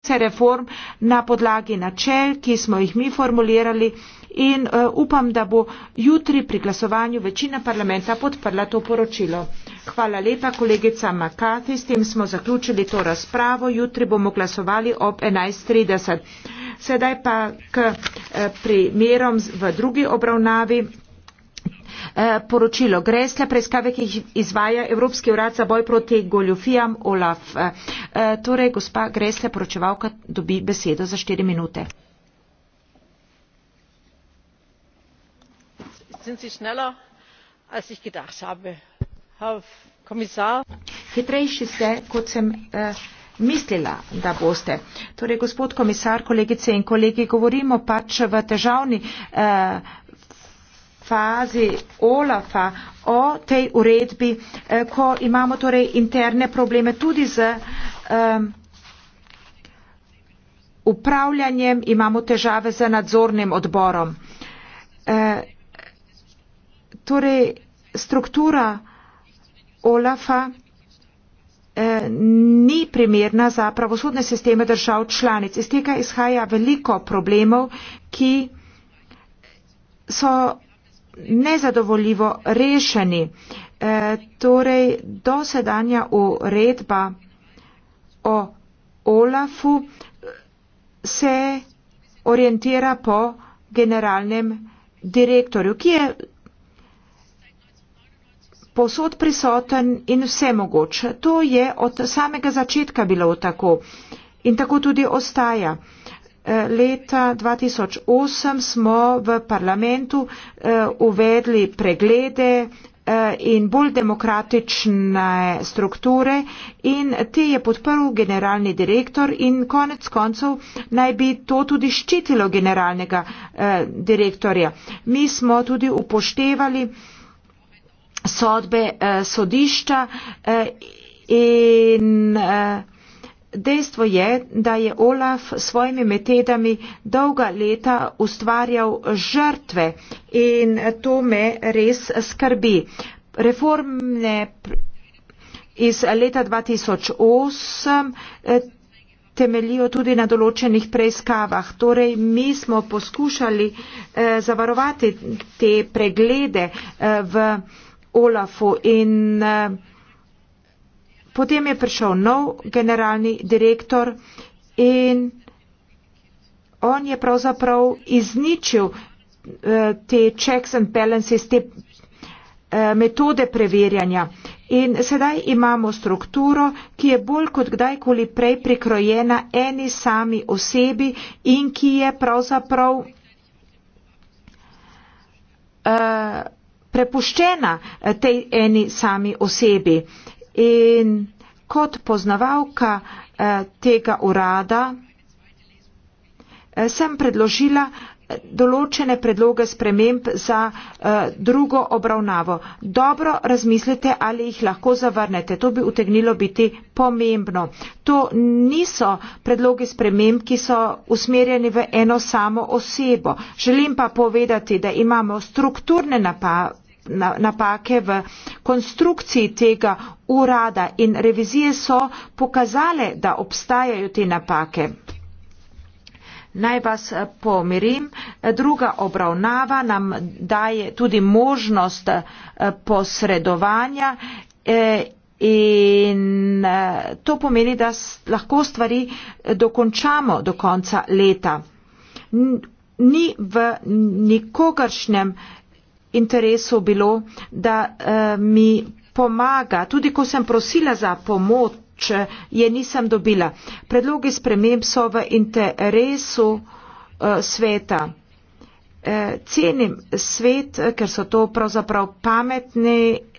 vse reform na podlagi načel, ki smo jih mi formulirali in eh, upam, da bo jutri pri glasovanju večina parlamenta podprla to poročilo. Hvala lepa, kolegica McCarthy. S tem smo zaključili to razpravo. Jutri bomo glasovali ob 11.30. Sedaj pa k eh, primerom v drugi obravnavi. Eh, poročilo. Gre sle preiskave, ki jih izvaja Evropski urad za boj proti goljofijam Olaf. Eh, eh, torej, gospa Gresle, poročevalka, dobi besedo za štiri minute. Hitrejši ste, kot sem uh, mislila, da boste. Torej, gospod komisar, kolegice in kolegi, govorimo pač v težavni. Uh, fazi OLAFA o tej uredbi, eh, ko imamo torej interne probleme tudi z um, upravljanjem, imamo težave z nadzornim odborom. E, torej, struktura OLAFA e, ni primerna za pravosodne sisteme držav članic. Iz tega izhaja veliko problemov, ki so nezadovoljivo rešeni. E, torej, dosedanja uredba o OLAF-u se orientira po generalnem direktorju, ki je posod prisoten in vse mogoč. To je od samega začetka bilo tako in tako tudi ostaja. Eh, leta 2008 smo v parlamentu eh, uvedli preglede eh, in bolj demokratične strukture in te je podprl generalni direktor in konec koncev naj bi to tudi ščitilo generalnega direktorja. Mi smo tudi upoštevali sodbe sodišča in Dejstvo je, da je Olaf s svojimi metedami dolga leta ustvarjal žrtve in to me res skrbi. Reformne iz leta 2008 eh, temeljijo tudi na določenih preiskavah. Torej, mi smo poskušali eh, zavarovati te preglede eh, v Olafu in Potem je prišel nov generalni direktor in on je pravzaprav izničil eh, te checks and balances, te eh, metode preverjanja. In sedaj imamo strukturo, ki je bolj kot kdajkoli prej prikrojena eni sami osebi in ki je pravzaprav eh, prepuščena tej eni sami osebi. Uh, In kot poznavalka eh, tega urada eh, sem predložila eh, določene predloge sprememb za drugo obravnavo. Dobro razmislite, ali jih lahko zavrnete. To bi utegnilo biti pomembno. To niso predloge sprememb, ki so usmerjeni v eno samo osebo. Želim pa povedati, da imamo strukturne napake napake v konstrukciji tega urada in revizije so pokazale, da obstajajo te napake. Naj vas eh, pomirim, druga obravnava nam daje tudi možnost eh, posredovanja eh, in to pomeni, da lahko stvari dokončamo do konca leta. Ni v nikogaršnjem interesu bilo, da eh, mi pomaga. Tudi ko sem prosila za pomoč, eh, je nisem dobila. Predlogi sprememb so v interesu eh, sveta. Cenim svet, ker so to pravzaprav pametni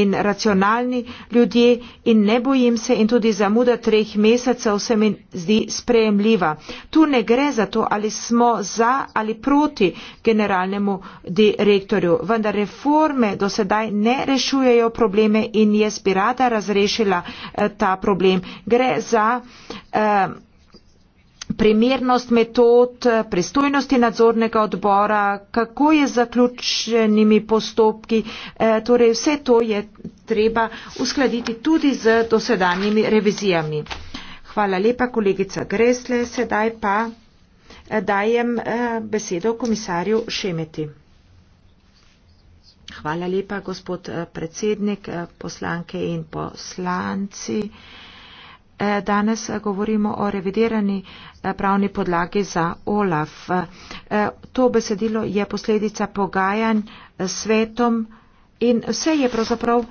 in racionalni ljudje in ne bojim se in tudi zamuda treh mesecev se mi zdi sprejemljiva. Tu ne gre za to, ali smo za ali proti generalnemu direktorju, vendar reforme do sedaj ne rešujejo probleme in jaz bi rada razrešila eh, ta problem. Gre za eh, primernost metod, pristojnosti nadzornega odbora, kako je z zaključenimi postopki. E, torej vse to je treba uskladiti tudi z dosedanjimi revizijami. Hvala lepa, kolegica Gresle. Sedaj pa e, dajem e, besedo komisarju Šemeti. Hvala lepa, gospod predsednik, poslanke in poslanci. Eh, danes eh, govorimo o revidirani eh, pravni podlagi za OLAF. To besedilo je posledica pogajanj s svetom in vse je pravzaprav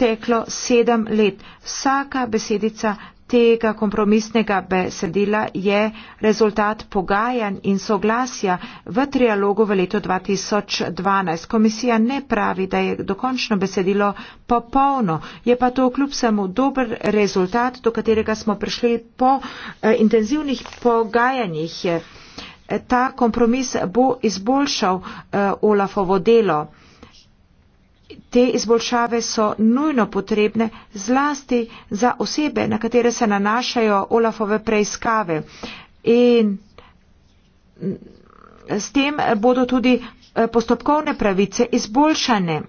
teklo sedem let. Vsaka besedica tega kompromisnega besedila je rezultat pogajanj in soglasja v trialogu v letu 2012. Komisija ne pravi, da je dokončno besedilo popolno, je pa to kljub samo dober rezultat, do katerega smo prišli po eh, intenzivnih pogajanjih. Eh, ta kompromis bo izboljšal eh, Olafovo delo. Te izboljšave so nujno potrebne zlasti za osebe, na katere se nanašajo Olafove preiskave. In s tem bodo tudi eh, postopkovne pravice izboljšane.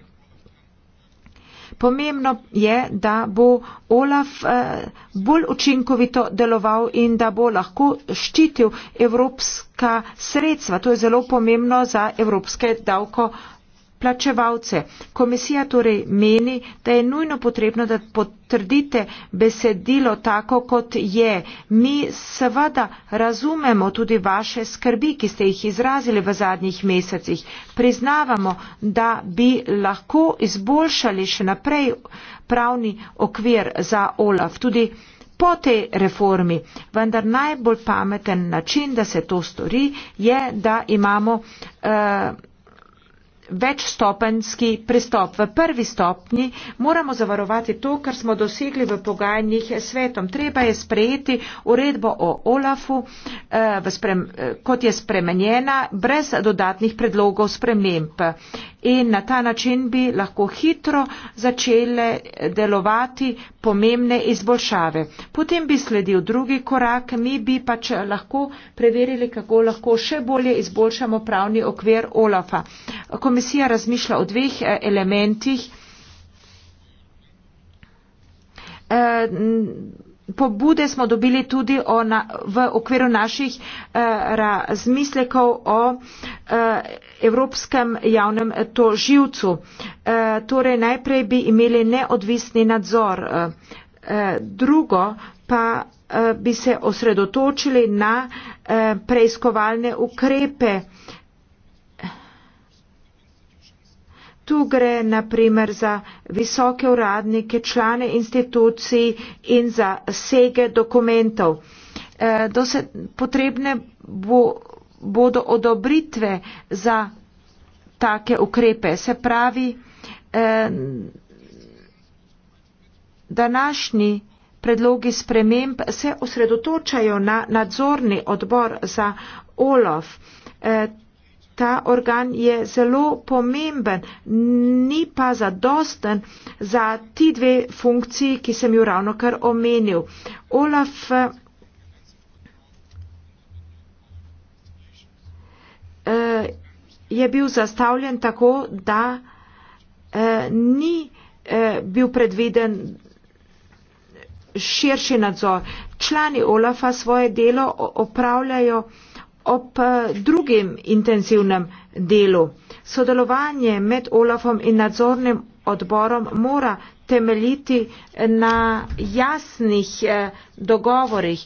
Pomembno je, da bo Olaf eh, bolj učinkovito deloval in da bo lahko ščitil evropska sredstva. To je zelo pomembno za evropske davkoplačevalce plačevalce. Komisija torej meni, da je nujno potrebno, da potrdite besedilo tako, kot je. Mi seveda razumemo tudi vaše skrbi, ki ste jih izrazili v zadnjih mesecih. Priznavamo, da bi lahko izboljšali še naprej pravni okvir za OLAF. Tudi Po tej reformi, vendar najbolj pameten način, da se to stori, je, da imamo eh, večstopenski pristop. V prvi stopni moramo zavarovati to, kar smo dosegli v pogajanjih s svetom. Treba je sprejeti uredbo o OLAF-u, eh, sprem, eh, kot je spremenjena, brez dodatnih predlogov sprememb in na ta način bi lahko hitro začele delovati pomembne izboljšave. Potem bi sledil drugi korak, mi bi pač lahko preverili, kako lahko še bolje izboljšamo pravni okvir OLAFA. Komisija razmišlja o dveh eh, elementih. E, pobude smo dobili tudi na, v okviru naših eh, razmislekov o eh, evropskem javnem toživcu. Eh, torej najprej bi imeli neodvisni nadzor. Eh, eh, drugo pa eh, bi se osredotočili na eh, preiskovalne ukrepe. Tu gre naprimer za visoke uradnike, člane institucij in za sege dokumentov. E, do se, potrebne bo, bodo odobritve za take ukrepe. Se pravi, e, današnji predlogi sprememb se osredotočajo na nadzorni odbor za OLOF. E, ta organ je zelo pomemben, ni pa zadosten za ti dve funkciji, ki sem ju ravno kar omenil. Olaf eh, je bil zastavljen tako, da eh, ni eh, bil predviden širši nadzor. Člani Olafa svoje delo opravljajo uh, ob eh, drugem intenzivnem delu. Sodelovanje med Olafom in nadzornim odborom mora temeljiti na jasnih eh, dogovorih.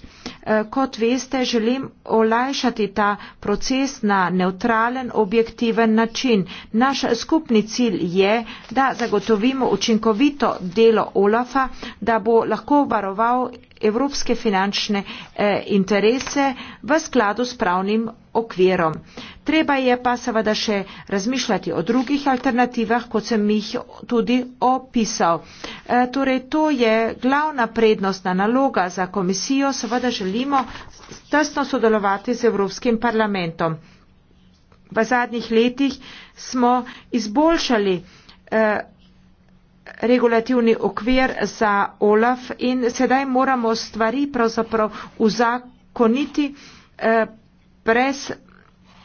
Eh, kot veste, želim olajšati ta proces na neutralen, objektiven način. Naš skupni cilj je, da zagotovimo učinkovito delo Olafa, da bo lahko varoval evropske finančne eh, interese v skladu s pravnim okvirom. Treba je pa seveda še razmišljati o drugih alternativah, kot sem jih tudi opisal. E, torej, to je glavna prednostna naloga za komisijo, seveda želimo tesno sodelovati z Evropskim parlamentom. V zadnjih letih smo izboljšali e, regulativni okvir za OLAF in sedaj moramo stvari pravzaprav uzakoniti eh, brez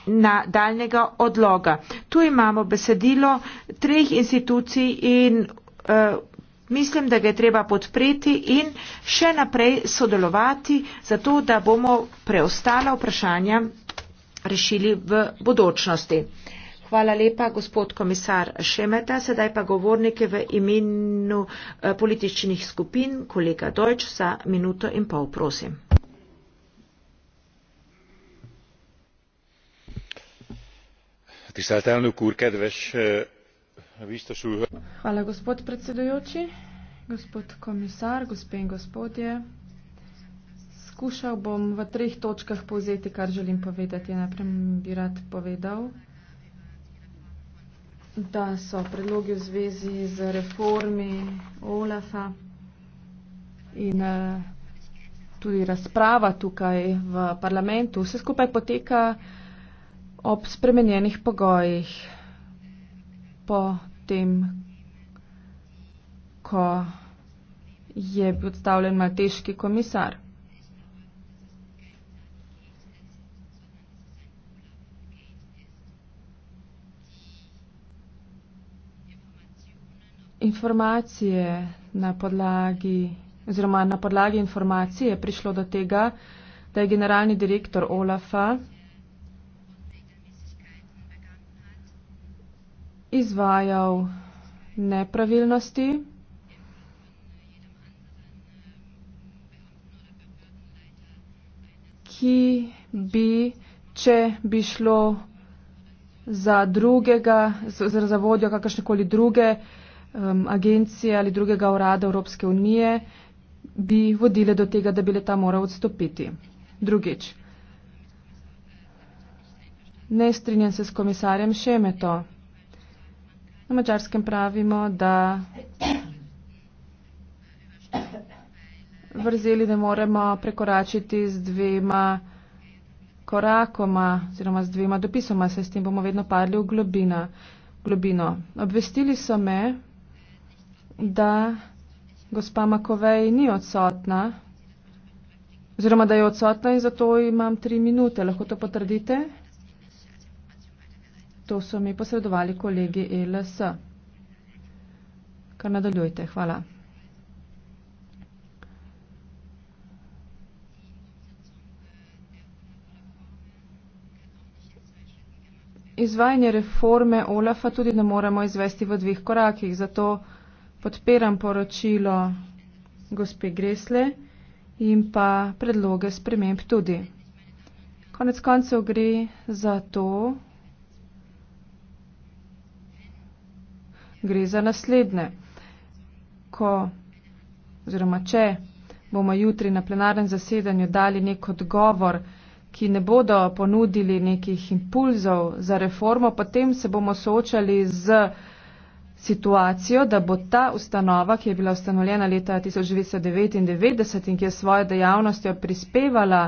nadaljnega odloga. Tu imamo besedilo treh institucij in eh, mislim, da ga je treba podpreti in še naprej sodelovati, zato da bomo preostala vprašanja rešili v bodočnosti. Hvala lepa, gospod komisar Šemeta. Sedaj pa govornike v imenu eh, političnih skupin, kolega Dojč, za minuto in pol, prosim. Tiseltelnu kurke, dveš, vi ste šuh. Hvala, gospod predsedujoči, gospod komisar, gospe in gospodje. Skušal bom v treh točkah povzeti, kar želim povedati. Najprej bi rad povedal, da so predlogi v zvezi z reformi Olafa in eh, tudi razprava tukaj v parlamentu. Vse skupaj poteka ob spremenjenih pogojih po tem, ko je odstavljen malteški komisar. informacije na podlagi, oziroma na podlagi informacije je prišlo do tega, da je generalni direktor Olafa izvajal nepravilnosti. ki bi, če bi šlo za drugega, za vodjo kakršnekoli druge, eh, um, agencije ali drugega urada Evropske unije bi vodile do tega, da bi leta moral odstopiti. Drugič, ne strinjam se s komisarjem Šemeto. Na mačarskem pravimo, da vrzeli ne moremo prekoračiti z dvema korakoma oziroma z dvema dopisoma, se s tem bomo vedno padli v globina, globino. Obvestili so me, da gospa Makovej ni odsotna, oziroma da je odsotna in zato imam tri minute. Lahko to potrdite? To so mi posredovali kolegi e LS. Kar nadaljujte, hvala. Izvajanje reforme OLAF-a tudi ne moremo izvesti v dveh korakih, zato podpiram poročilo gospe Gresle in pa predloge sprememb tudi. Konec koncev gre za to, gre za naslednje. Ko oziroma če bomo jutri na plenarnem zasedanju dali nek odgovor, ki ne bodo ponudili nekih impulzov za reformo, potem se bomo soočali z situacijo, da bo ta ustanova, ki je bila ustanovljena leta 1999 in ki je svojo dejavnostjo prispevala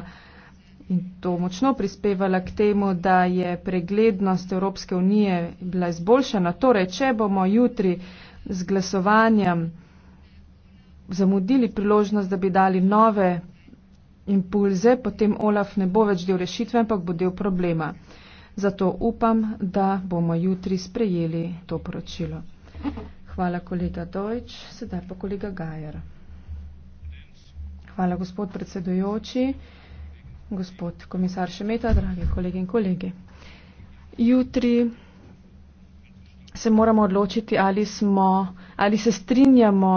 in to močno prispevala k temu, da je preglednost Evropske unije bila izboljšana. Torej, če bomo jutri z glasovanjem zamudili priložnost, da bi dali nove impulze, potem Olaf ne bo več del rešitve, ampak bo del problema. Zato upam, da bomo jutri sprejeli to poročilo. Hvala, kolega Dojč. Sedaj pa kolega Gajer. Hvala, gospod predsedujoči, gospod komisar Šemeta, dragi kolegi in kolegi. Jutri se moramo odločiti, ali, smo, ali se strinjamo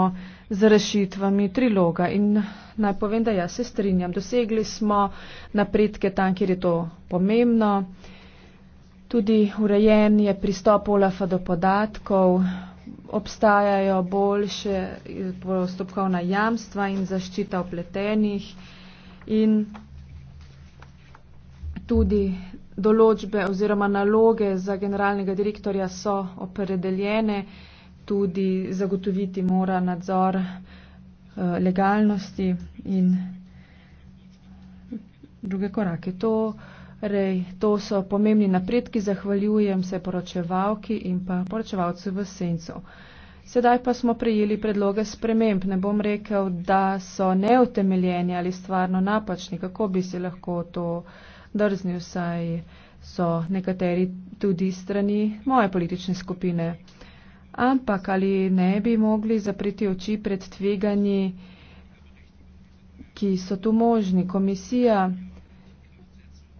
z rešitvami triloga. In naj povem, da jaz se strinjam. Dosegli smo napredke tam, kjer je to pomembno. Tudi urejen je pristop Olafa do podatkov, obstajajo boljše postopkovna jamstva in zaščita opletenih in tudi določbe oziroma naloge za generalnega direktorja so opredeljene, tudi zagotoviti mora nadzor eh, legalnosti in druge korake. To Rej, to so pomembni napredki, zahvaljujem se poročevalki in pa poročevalcu v sencu. Sedaj pa smo prijeli predloge sprememb. Ne bom rekel, da so neutemeljeni ali stvarno napačni, kako bi si lahko to drznil, saj so nekateri tudi strani moje politične skupine. Ampak ali ne bi mogli zapriti oči pred tveganji, ki so tu možni? Komisija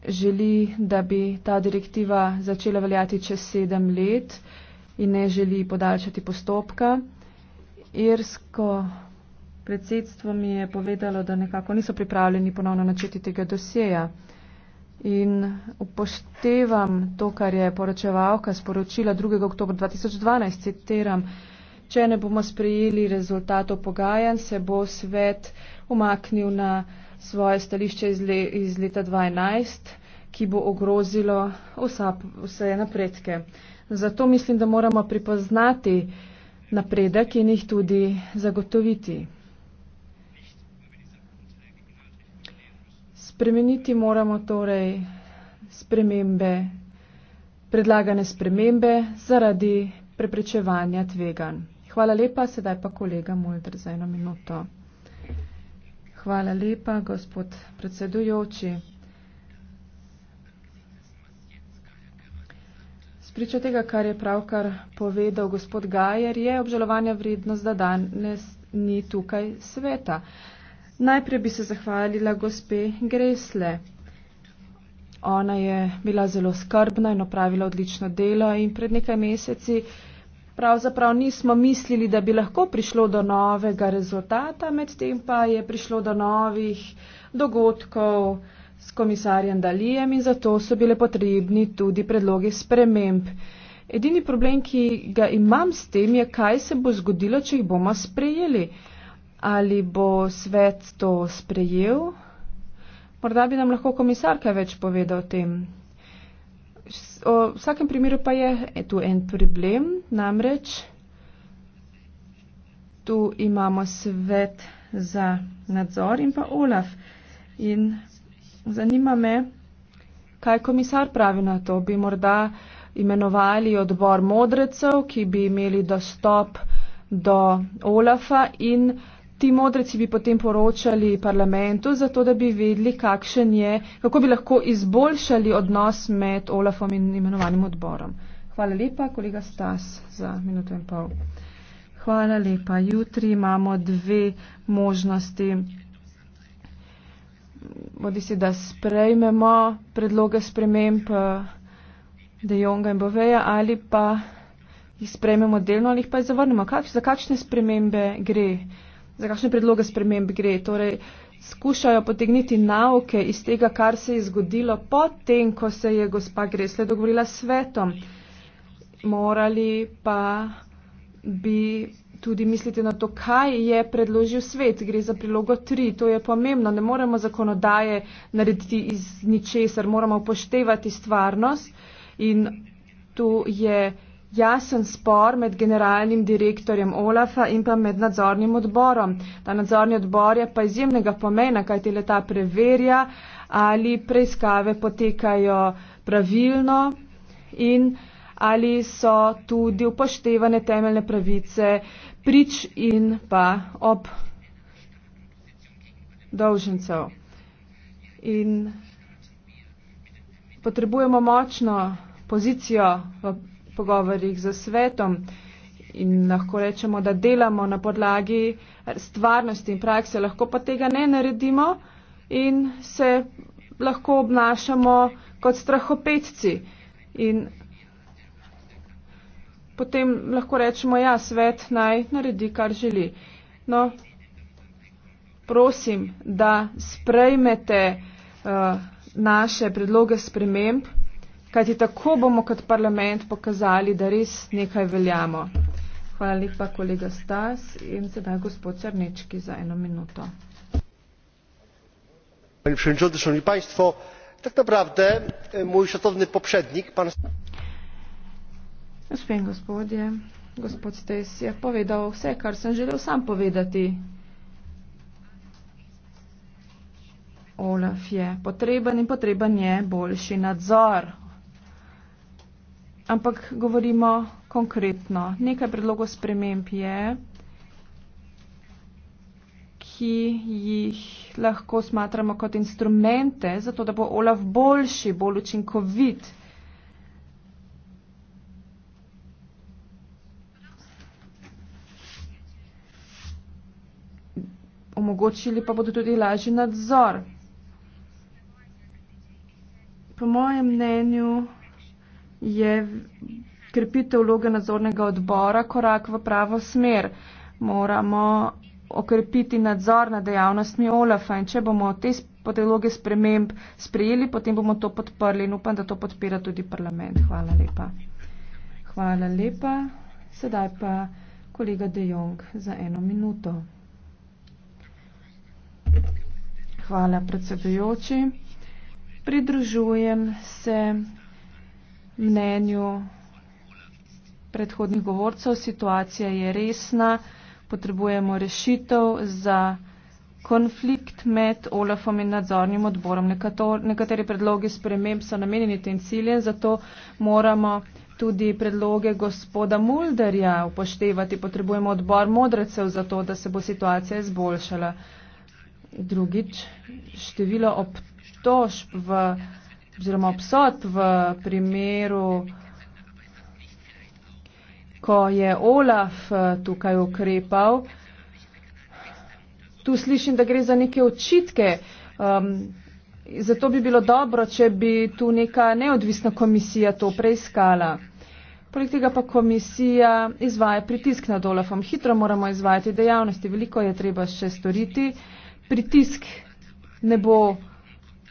želi, da bi ta direktiva začela veljati čez sedem let in ne želi podaljšati postopka. Irsko predsedstvo mi je povedalo, da nekako niso pripravljeni ponovno načeti tega dosjeja. In upoštevam to, kar je poročevalka sporočila 2. oktober 2012, citiram, če ne bomo sprejeli rezultatov pogajanj, se bo svet umaknil na svoje stališče iz, le, iz leta 2011, ki bo ogrozilo vsa, vse napredke. Zato mislim, da moramo pripoznati napredek in jih tudi zagotoviti. Spremeniti moramo torej spremembe, predlagane spremembe zaradi preprečevanja tvegan. Hvala lepa, sedaj pa kolega Mulder za eno minuto. Hvala lepa, gospod predsedujoči. Spričo tega, kar je pravkar povedal gospod Gajer, je obžalovanja vrednost, da danes ni tukaj sveta. Najprej bi se zahvalila gospe Gresle. Ona je bila zelo skrbna in opravila odlično delo in pred nekaj meseci pravzaprav nismo mislili, da bi lahko prišlo do novega rezultata, medtem pa je prišlo do novih dogodkov s komisarjem Dalijem in zato so bile potrebni tudi predloge sprememb. Edini problem, ki ga imam s tem, je, kaj se bo zgodilo, če jih bomo sprejeli. Ali bo svet to sprejel? Morda bi nam lahko komisar kaj več povedal o tem o vsakem primeru pa je tu en problem, namreč tu imamo svet za nadzor in pa OLAF. In zanima me, kaj komisar pravi na to. Bi morda imenovali odbor modrecev, ki bi imeli dostop do OLAFA in ti modreci bi potem poročali parlamentu, zato da bi vedeli, kakšen je, kako bi lahko izboljšali odnos med Olafom in imenovanim odborom. Hvala lepa, kolega Stas, za minuto in pol. Hvala lepa. Jutri imamo dve možnosti. Bodi si, da sprejmemo predloge sprememb eh, De Jonga in Boveja ali pa jih sprejmemo delno ali jih pa zavrnemo. Kak, za kakšne spremembe gre? za kakšne predloge sprememb gre. Torej, skušajo potegniti nauke iz tega, kar se je zgodilo potem, ko se je gospa Gresle dogovorila s svetom. Morali pa bi tudi misliti na to, kaj je predložil svet. Gre za prilogo 3, to je pomembno. Ne moremo zakonodaje narediti iz ničesar, moramo upoštevati stvarnost in tu je jasen spor med generalnim direktorjem Olafa in pa med nadzornim odborom. Ta nadzorni odbor je pa izjemnega pomena, kaj teleta preverja, ali preiskave potekajo pravilno in ali so tudi upoštevane temeljne pravice prič in pa ob dolžencev. In potrebujemo močno pozicijo v pogovorjih z svetom in lahko rečemo, da delamo na podlagi stvarnosti in prakse, lahko pa tega ne naredimo in se lahko obnašamo kot strahopetci. In potem lahko rečemo, ja, svet naj naredi, kar želi. No, prosim, da sprejmete uh, naše predloge sprememb kajti tako bomo kot parlament pokazali, da res nekaj veljamo. Hvala lepa, kolega Stas in sedaj gospod Crnečki za eno minuto. Pani predsednica, šanovni państwo, tak naprawdę e, mój szacowny poprzednik, pan. Gospe in gospodje, gospod Stes je povedal vse, kar sem želel sam povedati. Olaf je potreben in potreben je boljši nadzor ampak govorimo konkretno. Nekaj predlogov sprememb je, ki jih lahko smatramo kot instrumente, zato da bo OLAF boljši, bolj učinkovit. Omogočili pa bodo tudi lažji nadzor. Po mojem mnenju je krepitev vloge nadzornega odbora korak v pravo smer. Moramo okrepiti nadzor nad dejavnostmi OLAF-a in če bomo te podeloge sprememb sprejeli, potem bomo to podprli in upam, da to podpira tudi parlament. Hvala lepa. Hvala lepa. Sedaj pa kolega De Jong za eno minuto. Hvala predsedujoči. Pridružujem se mnenju predhodnih govorcev, situacija je resna, potrebujemo rešitev za konflikt med OLAFom in nadzornim odborom. Nekateri predlogi sprememb so namenjeni tem ciljem, zato moramo tudi predloge gospoda Mulderja upoštevati. Potrebujemo odbor modrecev za to, da se bo situacija izboljšala. Drugič, število obtožb v oziroma obsod v primeru, ko je Olaf eh, tukaj ukrepal. Tu slišim, da gre za neke očitke. Um, zato bi bilo dobro, če bi tu neka neodvisna komisija to preiskala. Poleg tega pa komisija izvaja pritisk nad Olafom. Hitro moramo izvajati dejavnosti, veliko je treba še storiti. Pritisk ne bo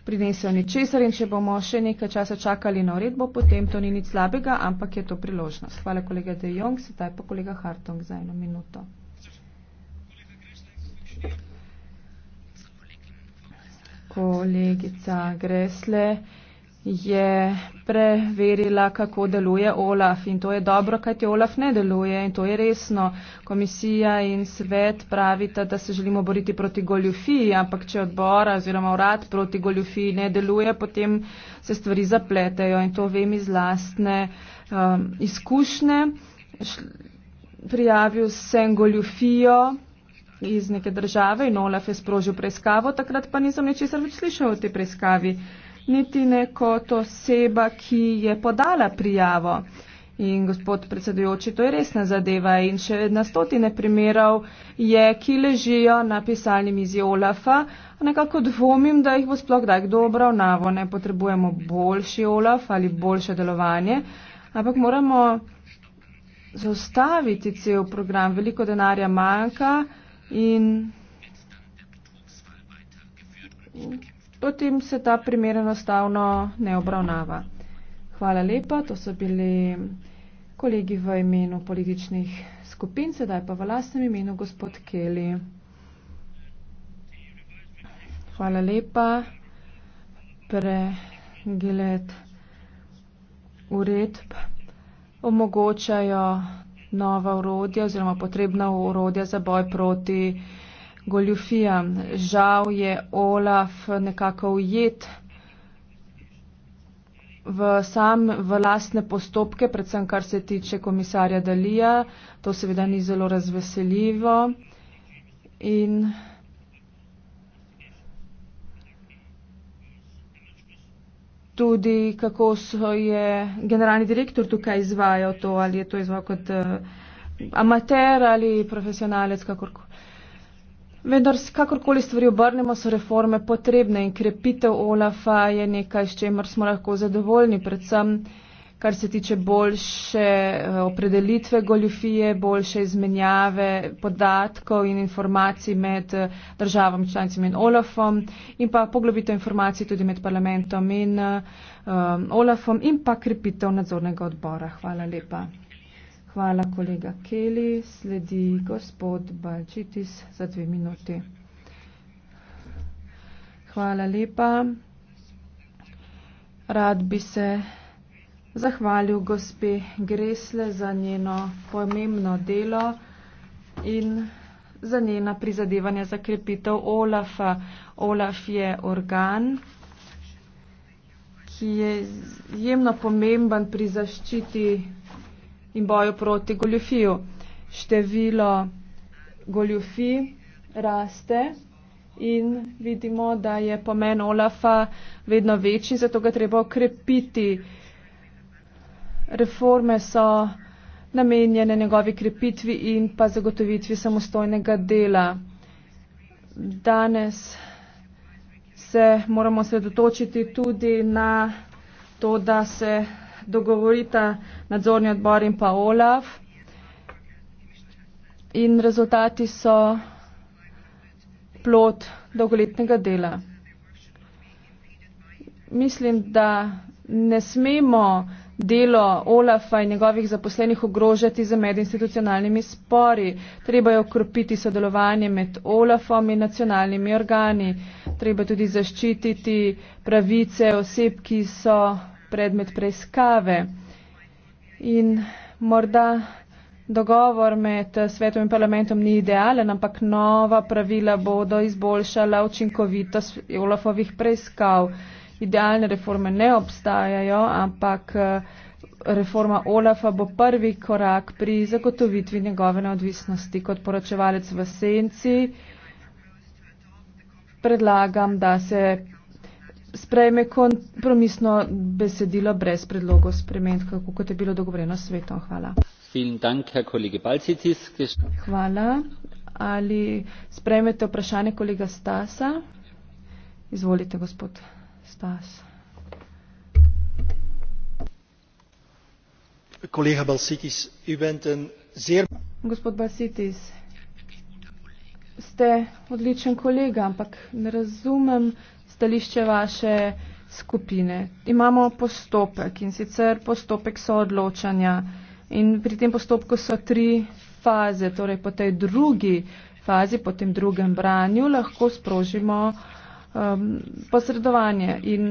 prinesel ničesar in če bomo še nekaj časa čakali na uredbo, potem to ni nič slabega, ampak je to priložnost. Hvala kolega De Jong, sedaj pa kolega Hartong za eno minuto. Kolegica Gresle je preverila, kako deluje OLAF in to je dobro, kajti OLAF ne deluje in to je resno. Komisija in svet pravita, da se želimo boriti proti goljufiji, ampak če odbora oziroma urad proti goljufiji ne deluje, potem se stvari zapletejo in to vem iz lastne um, izkušnje. Prijavil sem goljufijo iz neke države in OLAF je sprožil preiskavo, takrat pa nisem ničesar več slišal o tej preiskavi niti ne kot oseba, ki je podala prijavo. In gospod predsedujoči, to je resna zadeva in še na stotine primerov je, ki ležijo na pisalni mizi Olafa. Nekako dvomim, da jih bo sploh kdaj kdo obravnaval. Ne potrebujemo boljši Olaf ali boljše delovanje, ampak moramo zaustaviti cel program. Veliko denarja manjka in potem se ta primer enostavno ne obravnava. Hvala lepa, to so bili kolegi v imenu političnih skupin, sedaj pa v lastnem imenu gospod Keli. Hvala lepa, pregled uredb omogočajo nova urodja oziroma potrebna urodja za boj proti goljufija. Žal je Olaf nekako ujet v sam, v lasne postopke, predvsem kar se tiče komisarja Dalija. To seveda ni zelo razveseljivo. In tudi kako so je generalni direktor tukaj izvajal to, ali je to izvajal kot uh, amater ali profesionalec, kakorkoli. Vendar, kakorkoli stvari obrnemo, so reforme potrebne in krepitev OLAF-a je nekaj, s čemer smo lahko zadovoljni, predvsem kar se tiče boljše eh, opredelitve goljufije, boljše izmenjave podatkov in informacij med eh, državami članicami in OLAF-om in pa poglobitev informacij tudi med parlamentom in um, OLAF-om in pa krepitev nadzornega odbora. Hvala lepa. Hvala, kolega Keli. Sledi gospod Balčitis za dve minuti. Hvala lepa. Rad bi se zahvalil gospe Gresle za njeno pomembno delo in za njena prizadevanja za krepitev OLAF-a. OLAF je organ, ki je jemno pomemben pri zaščiti in boju proti goljofiju. Število goljofi raste in vidimo, da je pomen Olafa vedno večji, zato ga treba okrepiti. Reforme so namenjene njegovi krepitvi in pa zagotovitvi samostojnega dela. Danes se moramo sredotočiti tudi na to, da se dogovorita nadzorni odbor in pa OLAF. In rezultati so plot dolgoletnega dela. Mislim, da ne smemo delo OLAF-a in njegovih zaposlenih ogrožati z medinstitucionalnimi spori. Treba je okropiti sodelovanje med OLAF-om in nacionalnimi organi. Treba tudi zaščititi pravice oseb, ki so predmet preiskave. In morda dogovor med svetom in parlamentom ni idealen, ampak nova pravila bodo izboljšala učinkovitost Olafovih preiskav. Idealne reforme ne obstajajo, ampak eh, reforma Olafa bo prvi korak pri zagotovitvi njegove neodvisnosti. Kot poročevalec v senci predlagam, da se sprejme kompromisno besedilo brez predlogov sprememb, kot je bilo dogovoreno s svetom. Hvala. Dank, Balcicis, kes... Hvala. Ali sprejmete vprašanje kolega Stasa? Izvolite, gospod Stas. Kolega Balsitis, zeer... gospod Balsitis, ste odličen kolega, ampak ne razumem stališče vaše skupine. Imamo postopek in sicer postopek soodločanja in pri tem postopku so tri faze, torej po tej drugi fazi, po tem drugem branju lahko sprožimo um, posredovanje in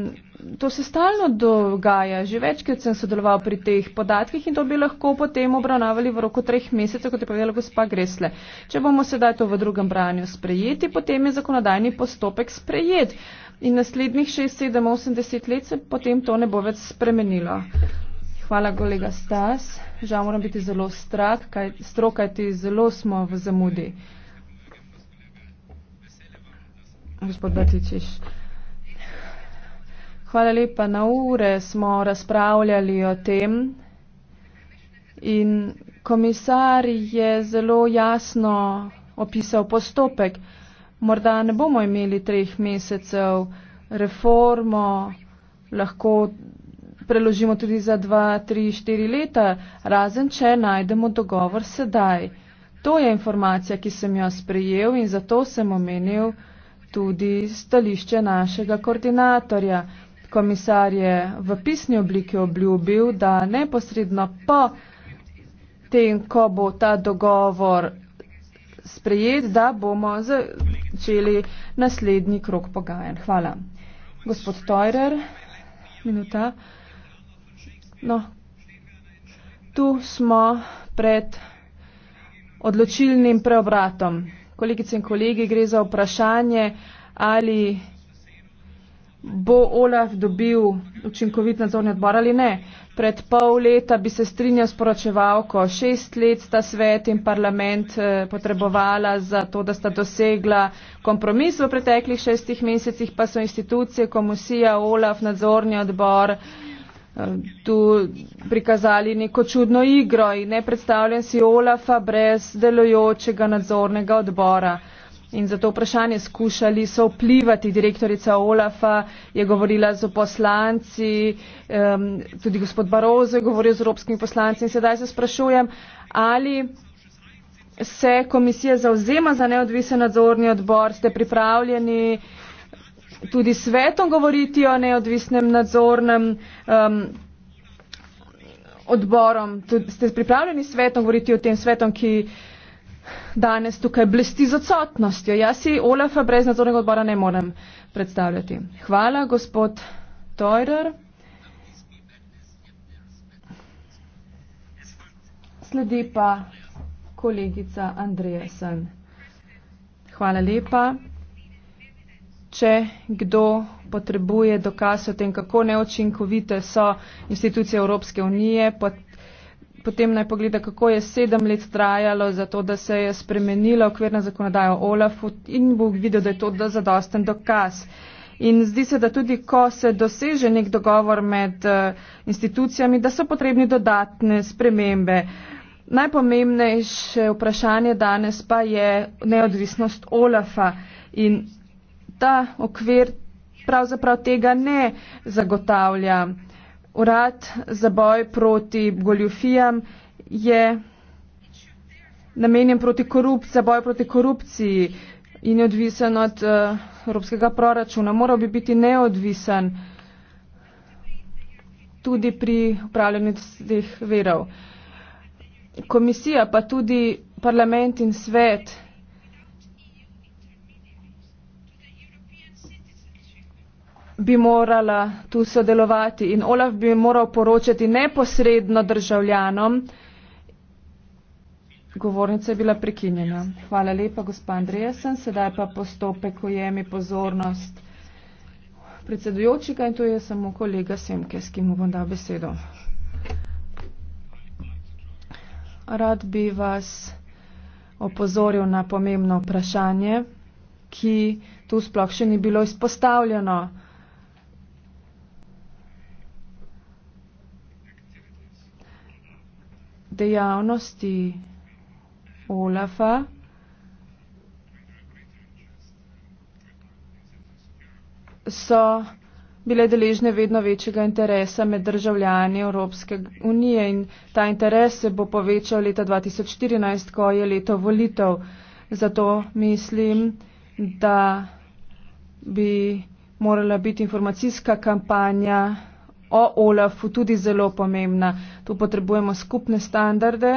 to se stalno dogaja. Že večkrat sem sodeloval pri teh podatkih in to bi lahko potem obravnavali v roku treh mesecev, kot je povedala gospa Gresle. Če bomo sedaj to v drugem branju sprejeti, potem je zakonodajni postopek sprejet. Uh, In naslednjih 6, 7, 80 let se potem to ne bo več spremenilo. Hvala, kolega Stas. Žal moram biti zelo strah, kaj strokajti zelo smo v zamudi. Gospod Batičiš. Hvala lepa. Na ure smo razpravljali o tem in komisar je zelo jasno opisal postopek morda ne bomo imeli treh mesecev reformo, lahko preložimo tudi za dva, tri, štiri leta, razen če najdemo dogovor sedaj. To je informacija, ki sem jo sprejel in zato sem omenil tudi stališče našega koordinatorja. Komisar je v pisni obliki obljubil, da neposredno po tem, ko bo ta dogovor sprejet, da bomo začeli naslednji krok pogajanj. Hvala. Gospod Teurer, minuta. No, tu smo pred odločilnim preobratom. Kolegice in kolegi, gre za vprašanje, ali bo Olaf dobil učinkovit nadzorni odbor ali ne. Pred pol leta bi se strinjal s poročevalko, šest let sta svet in parlament eh, potrebovala za to, da sta dosegla kompromis v preteklih šestih mesecih, pa so institucije, komisija, Olaf, nadzorni odbor eh, tu prikazali neko čudno igro in ne predstavljam si Olafa brez delojočega nadzornega odbora. In za to vprašanje skušali so vplivati. Direktorica Olafa je govorila z poslanci, um, tudi gospod Barozo je govoril z evropskimi poslanci in sedaj se sprašujem, ali se komisija zauzema za neodvisen nadzorni odbor, ste pripravljeni tudi svetom govoriti o neodvisnem nadzornem um, odborom, tudi, ste pripravljeni svetom govoriti o tem svetom, ki. Uh, danes tukaj blesti z odsotnostjo. Jaz si Olafa brez nadzornega odbora ne morem predstavljati. Hvala, gospod Teurer. Sledi pa kolegica Andrejsen. Hvala lepa. Če kdo potrebuje dokaz o tem, kako neočinkovite so institucije Evropske unije, potem naj pogleda, kako je sedem let trajalo za to, da se je spremenila okvirna zakonodaja Olafu in bo videl, da je to zadosten dokaz. In zdi se, da tudi ko se doseže nek dogovor med uh, institucijami, da so potrebni dodatne spremembe. Najpomembnejše vprašanje danes pa je neodvisnost Olafa in ta okvir pravzaprav tega ne zagotavlja. Urad za boj proti goljofijam je namenjen proti korupciji, za boj proti korupciji in je odvisen od uh, evropskega proračuna. Moral bi biti neodvisen tudi pri upravljanju teh verov. Komisija pa tudi parlament in svet bi morala tu sodelovati in Olaf bi moral poročati neposredno državljanom. Govornica je bila prekinjena. Hvala lepa, gospa Andrejasen. Sedaj pa postopek ujemi pozornost predsedujočega in to je samo kolega Semke, s kim mu bom dal besedo. Rad bi vas opozoril na pomembno vprašanje, ki tu sploh še ni bilo izpostavljeno. dejavnosti Olafa. so bile deležne vedno večjega interesa med državljani Evropske unije in ta interes se bo povečal leta 2014, ko je leto volitev. Zato mislim, da bi morala biti informacijska kampanja o OLAF-u tudi zelo pomembna. Tu potrebujemo skupne standarde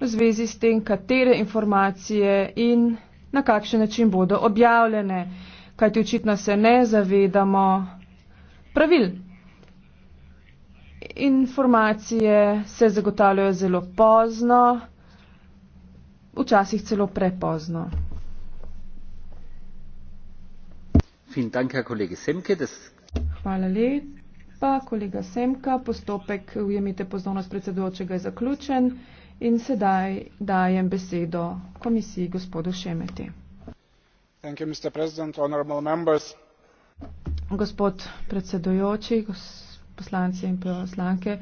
v zvezi s tem, katere informacije in na kakšen način bodo objavljene, kajti očitno se ne zavedamo pravil. Informacije se zagotavljajo zelo pozno, včasih celo prepozno. Hvala lepa. Pa kolega Semka, postopek ujemite pozornost predsedujočega je zaključen in sedaj dajem besedo komisiji gospodu Šemeti. Thank you, Mr. President, honorable members. Gospod predsedujoči, poslanci in poslanke,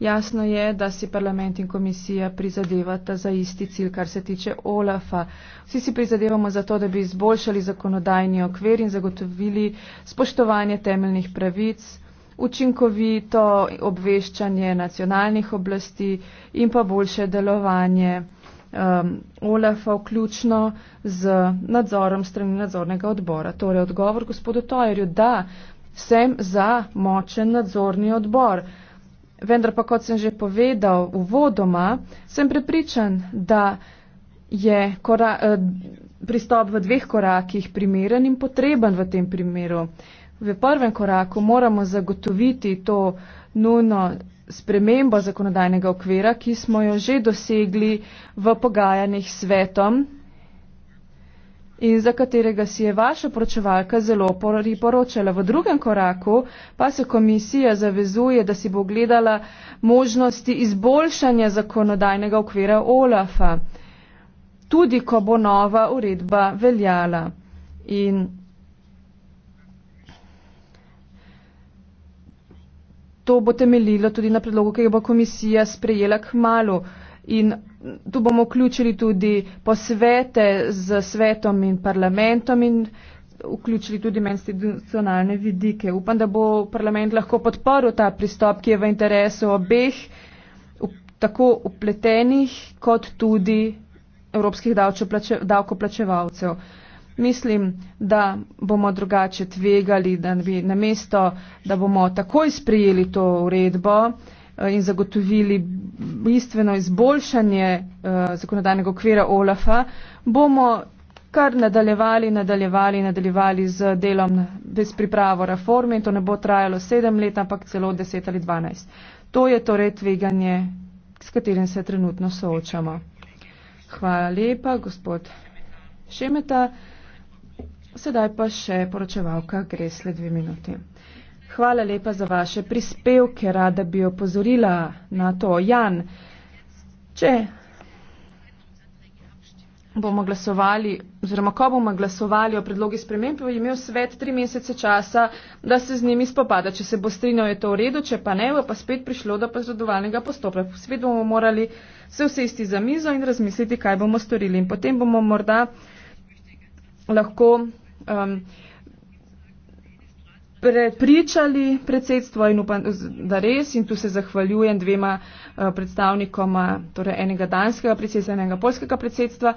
jasno je, da si parlament in komisija prizadevata za isti cilj, kar se tiče OLAF-a. Vsi si prizadevamo za to, da bi izboljšali zakonodajni okvir in zagotovili spoštovanje temeljnih pravic učinkovito obveščanje nacionalnih oblasti in pa boljše delovanje um, OLAF-a, vključno z nadzorom strani nadzornega odbora. Torej odgovor gospodu Tojerju, da sem za močen nadzorni odbor. Vendar pa, kot sem že povedal v vodoma, sem prepričan, da je kora, eh, pristop v dveh korakih primeren in potreben v tem primeru. Eh, V prvem koraku moramo zagotoviti to nujno spremembo zakonodajnega okvira, ki smo jo že dosegli v pogajanjih s svetom in za katerega si je vaša poročevalka zelo poročala. V drugem koraku pa se komisija zavezuje, da si bo gledala možnosti izboljšanja zakonodajnega okvira OLAF-a, tudi ko bo nova uredba veljala. In to bo temeljilo tudi na predlogu, ki ga bo komisija sprejela k malu. In tu bomo vključili tudi posvete z svetom in parlamentom in vključili tudi menstitucionalne vidike. Upam, da bo parlament lahko podporil ta pristop, ki je v interesu obeh tako upletenih kot tudi evropskih davkoplačevalcev. Plače, Mislim, da bomo drugače tvegali, da bi na mesto, da bomo takoj sprijeli to uredbo eh, in zagotovili bistveno izboljšanje eh, zakonodajnega okvira OLAF-a, bomo kar nadaljevali, nadaljevali, nadaljevali z delom, z pripravo reforme in to ne bo trajalo sedem let, ampak celo deset ali dvanajst. To je torej tveganje, s katerim se trenutno soočamo. Hvala lepa, gospod Šemeta. Sedaj pa še poročevalka Gresle dve minuti. Hvala lepa za vaše prispevke, rada bi opozorila na to. Jan, če bomo glasovali, oziroma ko bomo glasovali o predlogi sprememb, bo imel svet tri mesece časa, da se z njimi spopada. Če se bo strinjal, je to v redu, če pa ne, bo pa spet prišlo do prezadovalnega postopka. Svet bomo morali se usesti za mizo in razmisliti, kaj bomo storili. In potem bomo morda lahko um, prepričali predsedstvo in upam, da res in tu se zahvaljujem dvema uh, predstavnikoma, torej enega danskega predsedstva in enega polskega predsedstva,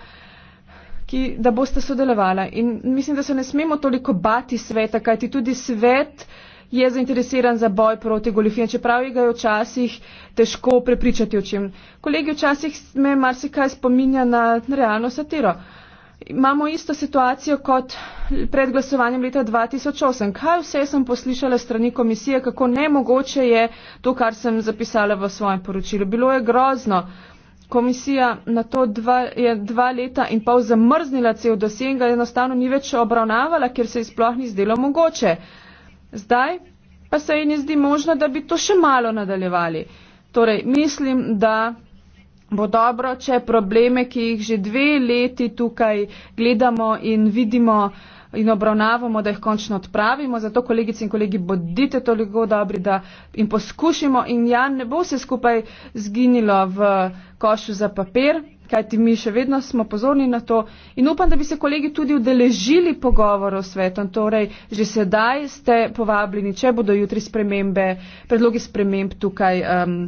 ki, da boste sodelovala. In mislim, da se ne smemo toliko bati sveta, kajti tudi svet je zainteresiran za boj proti golifinu, čeprav ga je včasih težko prepričati o čem. Kolegi včasih me marsikaj spominja na realno satiro. Uh, imamo isto situacijo kot pred glasovanjem leta 2008. Kaj vse sem poslišala strani komisije, kako nemogoče je to, kar sem zapisala v svojem poročilu. Bilo je grozno. Komisija na to dva, je dva leta in pol zamrznila cel dosen, ga enostavno ni več obravnavala, ker se je sploh ni zdelo mogoče. Zdaj pa se ji ne zdi možno, da bi to še malo nadaljevali. Torej, mislim, da bo dobro, če probleme, ki jih že dve leti tukaj gledamo in vidimo in obravnavamo, da jih končno odpravimo. Zato, kolegice in kolegi, bodite toliko dobri, da jim poskušimo in ja, ne bo se skupaj zginilo v košu za papir, kajti mi še vedno smo pozorni na to in upam, da bi se kolegi tudi udeležili pogovoru s svetom. Torej, že sedaj ste povabljeni, če bodo jutri spremembe, predlogi sprememb tukaj. Um,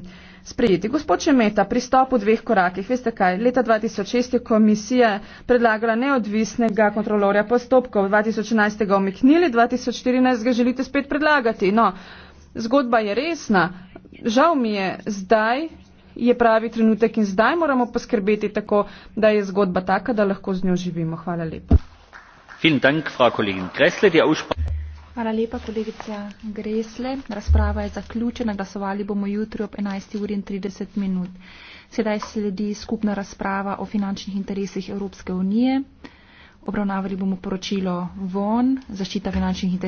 sprejeti. Gospod Šemeta, pristop v dveh korakih. Veste kaj, leta 2006 je komisija predlagala neodvisnega kontrolorja postopkov, 2011 ga omiknili, 2014 ga želite spet predlagati. No, zgodba je resna. Žal mi je, zdaj je pravi trenutek in zdaj moramo poskrbeti tako, da je zgodba taka, da lahko z njo živimo. Hvala lepa. Vielen Dank, Frau Kollegin Kressle, die Aussprache. Hvala lepa, kolegica Gresle. Razprava je zaključena. Glasovali bomo jutri ob 11.30. Sedaj sledi skupna razprava o finančnih interesih Evropske unije. Obravnavali bomo poročilo VON, zaščita finančnih interesov.